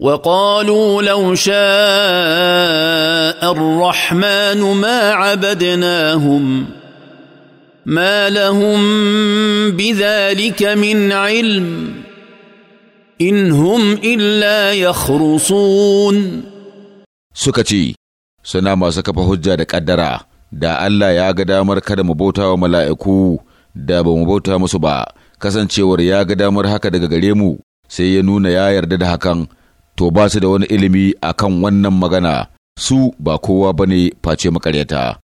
وقالوا لو شاء الرحمن hum عبدناهم ما min بذلك in hum illa هم الا يخرصون سكتي suna masu kafa hujja da ƙaddara da Allah ya ga damar kada mu bauta wa mala'iku da ba mu bauta musu ba kasancewar ya ga damar haka daga gare mu sai ya nuna ya yarda da hakan to ba su da wani ilimi akan wannan magana su ba kowa bane face makaryata